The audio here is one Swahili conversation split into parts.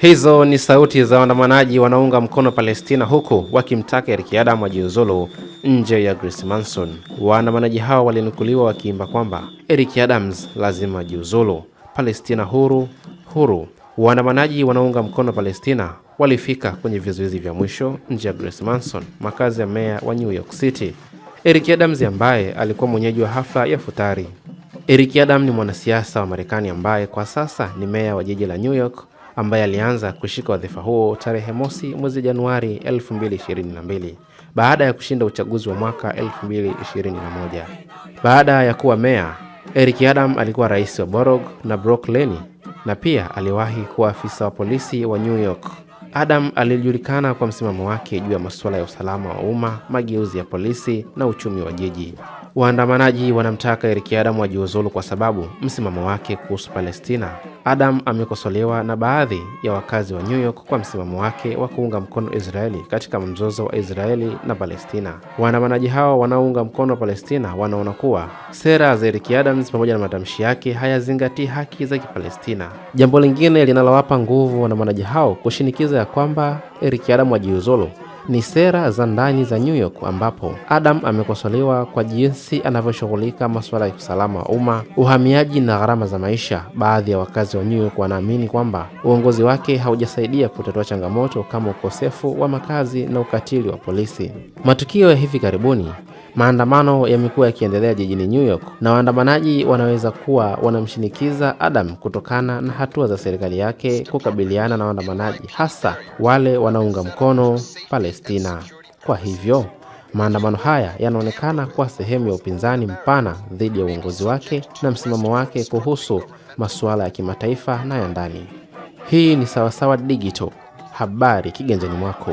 Hizo ni sauti za waandamanaji wanaunga mkono Palestina huku wakimtaka Eric Adam ajiuzulu nje ya Grace Manson. Waandamanaji hao walinukuliwa wakiimba kwamba Eric Adams lazima ajiuzulu, Palestina huru huru. Waandamanaji wanaunga mkono Palestina walifika kwenye vizuizi vya mwisho nje ya Grace Manson, makazi ya meya wa New York City. Eric Adams ambaye alikuwa mwenyeji wa hafla ya futari Eric Adam ni mwanasiasa wa Marekani ambaye kwa sasa ni meya wa jiji la New York ambaye alianza kushika wadhifa huo tarehe mosi mwezi Januari 2022 baada ya kushinda uchaguzi wa mwaka 2021. Baada ya kuwa meya, Eric Adam alikuwa rais wa Borough na Brooklyn na pia aliwahi kuwa afisa wa polisi wa New York. Adam alijulikana kwa msimamo wake juu ya masuala ya usalama wa umma, mageuzi ya polisi na uchumi wa jiji. Waandamanaji wanamtaka Eriki Adam wajiuzulu kwa sababu msimamo wake kuhusu Palestina. Adam amekosolewa na baadhi ya wakazi wa New York kwa msimamo wake wa kuunga mkono Israeli katika mzozo wa Israeli na Palestina. Waandamanaji hao wanaounga mkono Palestina wanaona kuwa sera za Eriki Adams pamoja na matamshi yake hayazingatii haki za Kipalestina. Jambo lingine linalowapa nguvu waandamanaji hao kushinikiza ya kwamba erikiadamu Adam jiuzulu ni sera za ndani za New York ambapo Adam amekosolewa kwa jinsi anavyoshughulika masuala ya usalama wa umma, uhamiaji na gharama za maisha. Baadhi ya wakazi wa New York wanaamini kwamba uongozi wake haujasaidia kutatua changamoto kama ukosefu wa makazi na ukatili wa polisi. Matukio ya hivi karibuni Maandamano yamekuwa yakiendelea jijini New York na waandamanaji wanaweza kuwa wanamshinikiza Adam kutokana na hatua za serikali yake kukabiliana na waandamanaji, hasa wale wanaunga mkono Palestina. Kwa hivyo maandamano haya yanaonekana kuwa sehemu ya upinzani mpana dhidi ya uongozi wake na msimamo wake kuhusu masuala ya kimataifa na ya ndani. Hii ni Sawasawa Digital, habari kiganjani mwako.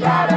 it.